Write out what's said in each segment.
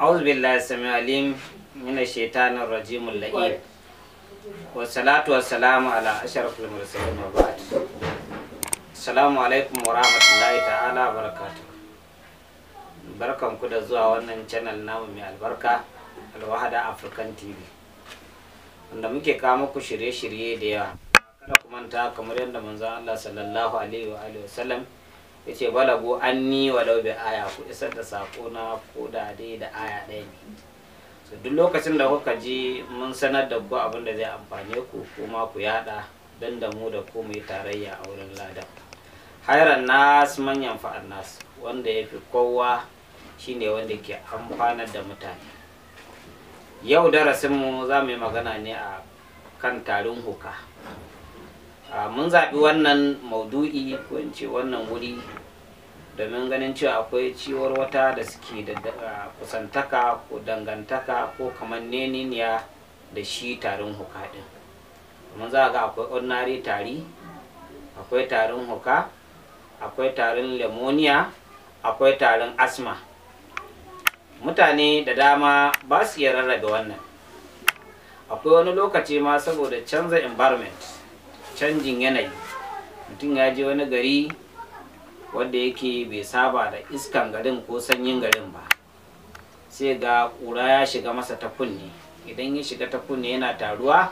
أعوذ بالله السميع العليم من الشيطان الرجيم اللئيم والصلاة والسلام على أشرف المرسلين وبعد السلام عليكم ورحمة الله تعالى وبركاته barkan ku da zuwa wannan channel namu mai albarka alwahada african tv wanda muke kawo muku shirye-shirye da yawa kada ku manta kamar yadda manzon Allah sallallahu alaihi wa alihi wasallam ya ce balago an ni walau bi aya ku isar da sako na ko da dai da aya ɗaya ne so duk lokacin da kuka ji mun sanar da ku abin da zai amfane ku kuma ku yada don da mu da ku mu yi tarayya a wurin ladan hairan nas manyan fa'an nas wanda ya fi kowa shine wanda ke amfanar da mutane yau darasinmu za mu yi magana ne a kan tarin huka mun zaɓi wannan maudu'i ko in ce wannan wuri domin ganin cewa akwai ciwar wata da suke da kusantaka ko dangantaka ko kamar neniniya da shi tarin huka ɗin mun za ga akwai ordinary tari akwai tarin huka akwai tarin lemoniya akwai tarin asma mutane da dama ba su iya rarrabe wannan akwai wani lokaci ma saboda canza environment canjin yanayi mutum ya je wani gari wanda yake bai saba da iskan garin ko sanyin garin ba sai ga ƙura ya shiga masa ta kunne idan ya shiga ta kunne yana taruwa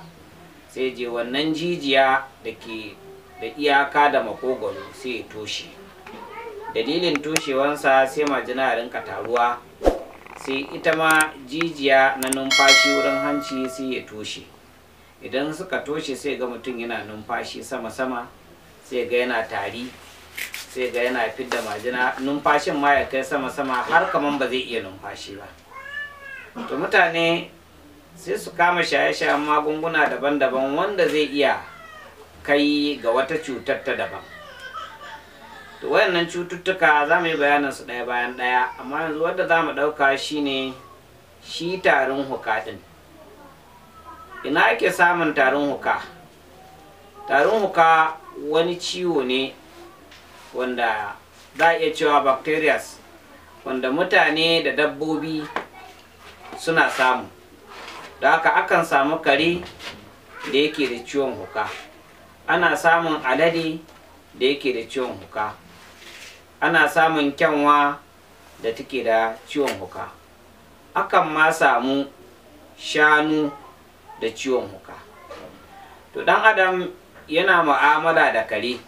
sai je wannan jijiya da ke da iyaka da makogwaro sai ya toshe dalilin toshewansa sai majina rinka taruwa sai ita ma jijiya na numfashi wurin hanci sai ya toshe idan suka toshe sai ga mutum yana numfashi sama-sama sai ga yana tari sai ga yana fidda majina numfashin ma ya kai sama-sama har kaman ba zai iya numfashi ba to mutane sai su kama shaye-shayen magunguna daban-daban wanda zai iya kai ga wata cutar ta daban to wayannan cututtuka za mu yi bayanin su ɗaya bayan ɗaya amma yanzu wanda za mu ɗauka shine shi tarin hukaɗin ina ake samun tarin huka tarin huka wani ciwo ne wanda za a iya cewa bacterias wanda mutane da dabbobi suna samu da haka akan samu kare da yake da ciwon huka ana samun alade da yake da ciwon huka ana samun kyanwa da take da ciwon huka akan ma samu shanu da ciwon huka to dan adam yana mu'amala da kare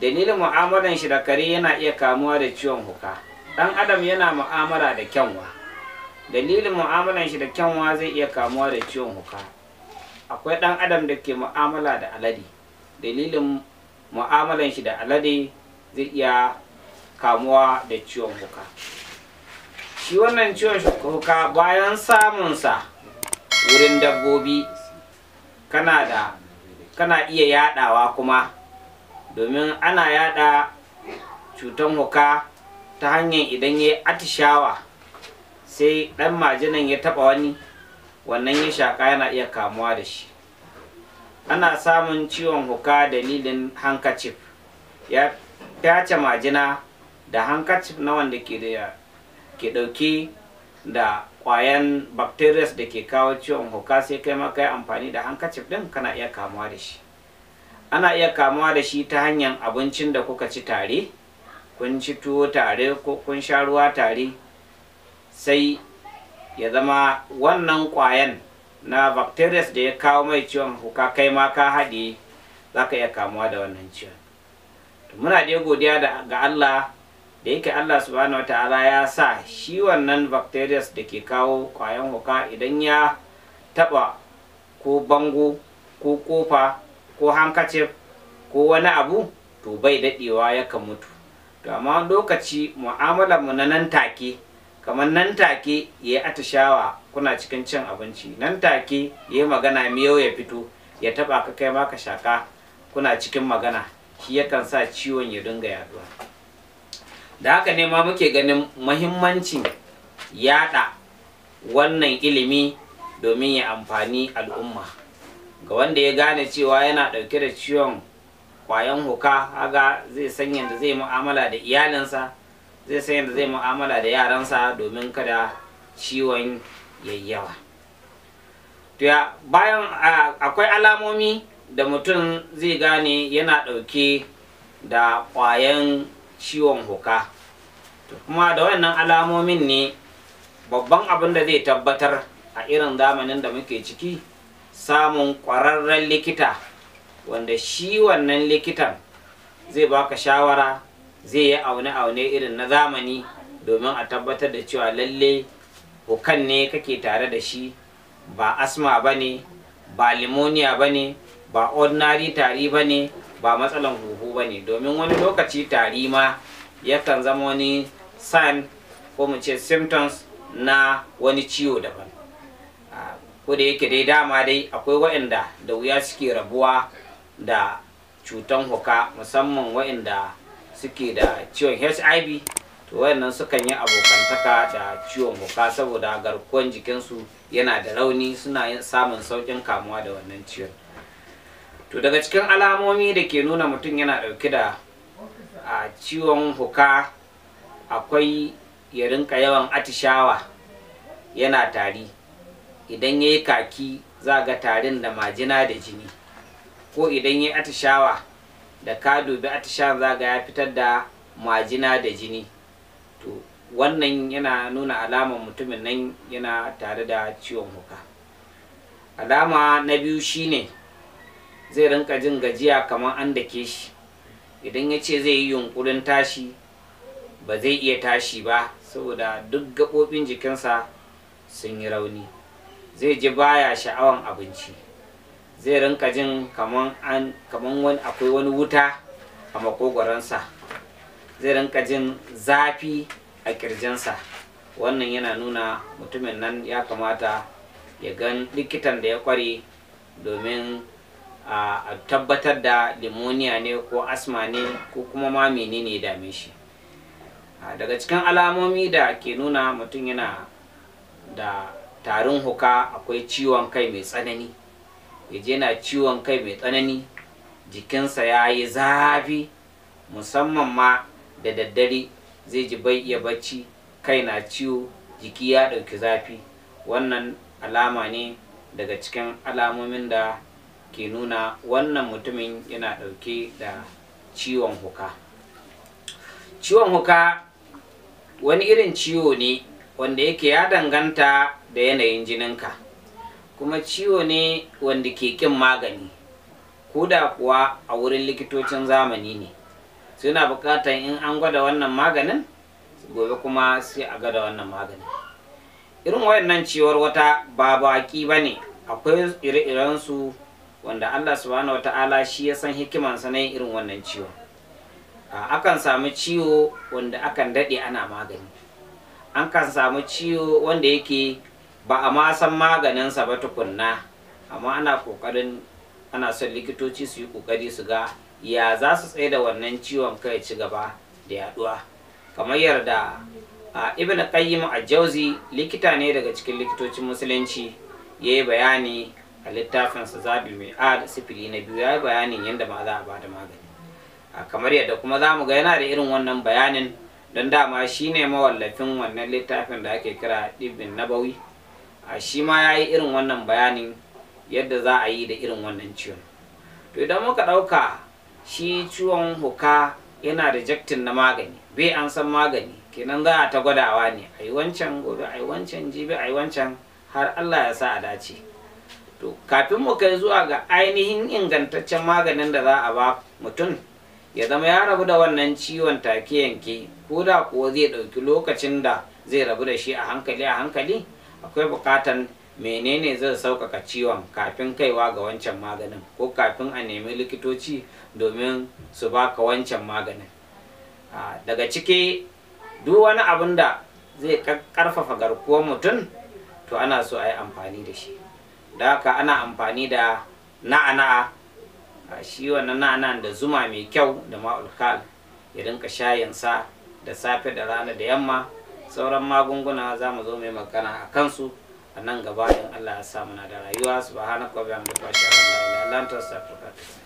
dalilin mu'amalan shi da kare yana iya kamuwa da ciwon huka dan adam yana mu'amala da kyanwa dalilin mu'amalan shi da kyanwa zai iya kamuwa da ciwon huka akwai dan adam da ke mu'amala da alade dalilin mu'amalan shi da alade zai iya kamuwa da ciwon huka shi wannan ciwon huka bayan samunsa wurin dabbobi kana da kana iya yadawa kuma domin ana yada cutan huka ta hanyar idan ya atishawa sai dan majinan ya taba wani wannan ya shaka yana iya kamuwa da shi ana samun ciwon huka dalilin hankacif ya fyace majina da hankacif na wanda ke dauke da kwayan bacterias da ke kawo ciwon hoka sai kai ma kai amfani da hankacif din kana iya kamuwa da shi ana iya kamuwa da shi ta hanyar abincin da kuka ci tare kun ci tuwo tare ko kun sha ruwa tare sai ya zama wannan kwayan na bacterias da ya kawo mai ciwon huka kai ma ka haɗe za ka iya kamuwa da wannan ciwon muna dai godiya ga Allah da yake Allah subhanahu ta'ala ya sa shi wannan bacterias da ke kawo kwayan huka idan ya taba ko bango ko kofa ko hankacif ko wani abu to bai dadewa yakan mutu to amma lokaci mu'amalar mu na nan take kamar nan take yayi atishawa kuna cikin cin abinci nan take ya magana miyau ya fito ya taba ka kai maka shaka kuna cikin magana shi yakan sa ciwon ya dinga yaduwa da haka ne ma muke ganin mahimmancin yada wannan ilimi domin ya amfani al'umma ga wanda ya gane cewa yana ɗauke da ciwon kwayan huka haga zai san yadda zai mu'amala da iyalinsa zai san yadda zai mu'amala da yaransa domin kada ciwon yayyawa ya bayan akwai alamomi da mutum zai gane yana ɗauke da kwayan ciwon huka kuma da wannan alamomin ne babban abin da zai tabbatar a irin zamanin da muke ciki samun ƙwararren likita wanda shi wannan likitan zai baka shawara zai yi aune-aune irin na zamani domin a tabbatar da cewa lalle hukan ne kake tare da shi ba asma ba ne ba limoniya ba ne ba ordinary tari ba ne ba matsalan huhu ba ne domin wani lokaci tari ma yakan zama wani sign ko mu ce symptoms na wani ciwo daban ko da yake dai dama dai akwai waɗanda da wuya suke rabuwa da cutan huka musamman waɗanda suke da ciwon hiv to waɗannan sukan yi abokantaka da ciwon huka saboda garkuwan jikinsu yana da rauni suna samun saukin kamuwa da wannan ciwon to daga cikin alamomi da ke nuna mutum yana ɗauke da a ciwon huka akwai ya rinka yawan atishawa yana tari idan ya yi kaki za ga tarin da majina da jini ko idan ya yi atishawa da ka dubi atishawa za ga ya fitar da majina da jini to wannan yana nuna alamar mutumin nan yana tare da ciwon huka alama na biyu shine zai rinka jin gajiya kamar an ke shi idan ya ce zai yi yunkurin tashi ba zai iya tashi ba saboda duk gaɓoɓin jikinsa sun yi rauni zai ji baya sha'awan abinci zai rinka jin kamar wani akwai wani wuta a makogwaransa zai rinka jin zafi a kirjinsa wannan yana nuna mutumin nan ya kamata ya gan likitan da ya kware domin a tabbatar da limoniya ne ko asma ne ko kuma ma menene ya dame shi daga cikin alamomi da ke nuna mutum yana da tarin huka akwai ciwon kai mai tsanani yaje yana ciwon kai mai tsanani jikinsa ya yi zafi musamman ma da daddare zai ji bai iya bacci kai na ciwo jiki ya ɗauki zafi wannan alama ne daga cikin alamomin da ke nuna wannan mutumin yana ɗauke da ciwon huka ciwon huka wani irin ciwo ne wanda yake ya danganta da yanayin jininka kuma ciwo ne wanda ke ƙin magani ko da kuwa a wurin likitocin zamani ne suna buƙatar in an gwada wannan maganin gobe kuma sai a gada wannan maganin irin wayannan ciwar wata ba baki ba ne akwai ire-irensu wanda Allah subhanahu wata'ala shi ya san hikiman sa ne irin wannan ciwo akan samu ciwo wanda akan daɗe ana magani an kan samu ciwo wanda yake ba a ma san maganinsa ba tukunna amma ana kokarin ana son likitoci su yi kokari su ga ya za su tsaye da wannan ciwon kai ci gaba da yaduwa kamar yarda a ibn qayyim al-jauzi likita ne daga cikin likitocin musulunci yayi bayani a littafinsa zabi mai a da sifili na biyu ya yi bayanin yadda ma za a bada magani a kamar yadda kuma za mu ga yana da irin wannan bayanin don dama shi ne mawallafin wannan littafin da ake kira ɗibin nabawi a shi ma ya yi irin wannan bayanin yadda za a yi da irin wannan ciwon to idan muka ɗauka shi ciwon huka yana da jaktin na magani bai an san magani kenan za a ta gwadawa ne a yi wancan gobe a yi wancan jibi a yi wancan har allah ya sa a dace to kafin mu kai zuwa ga ainihin ingantaccen maganin da za a ba mutum ya zama ya rabu da wannan ciwon take yanke ko da kuwa zai ɗauki lokacin da zai rabu da shi a hankali a hankali akwai buƙatan menene zai sauƙaƙa ciwon kafin kaiwa ga wancan maganin ko kafin a nemi likitoci domin su baka wancan maganin daga ciki duk wani abin da zai ƙarfafa garkuwar mutum to ana so a yi amfani da shi da haka ana amfani da na'ana shi wannan na'ana da zuma mai kyau da ma'ulkal ya rinka sa da safe da rana da yamma sauran magunguna za mu zo mai magana a kansu a nan gaba in Allah ya sa muna da rayuwa su wa bihamdika wa shukran la ilaha illa anta astaghfiruka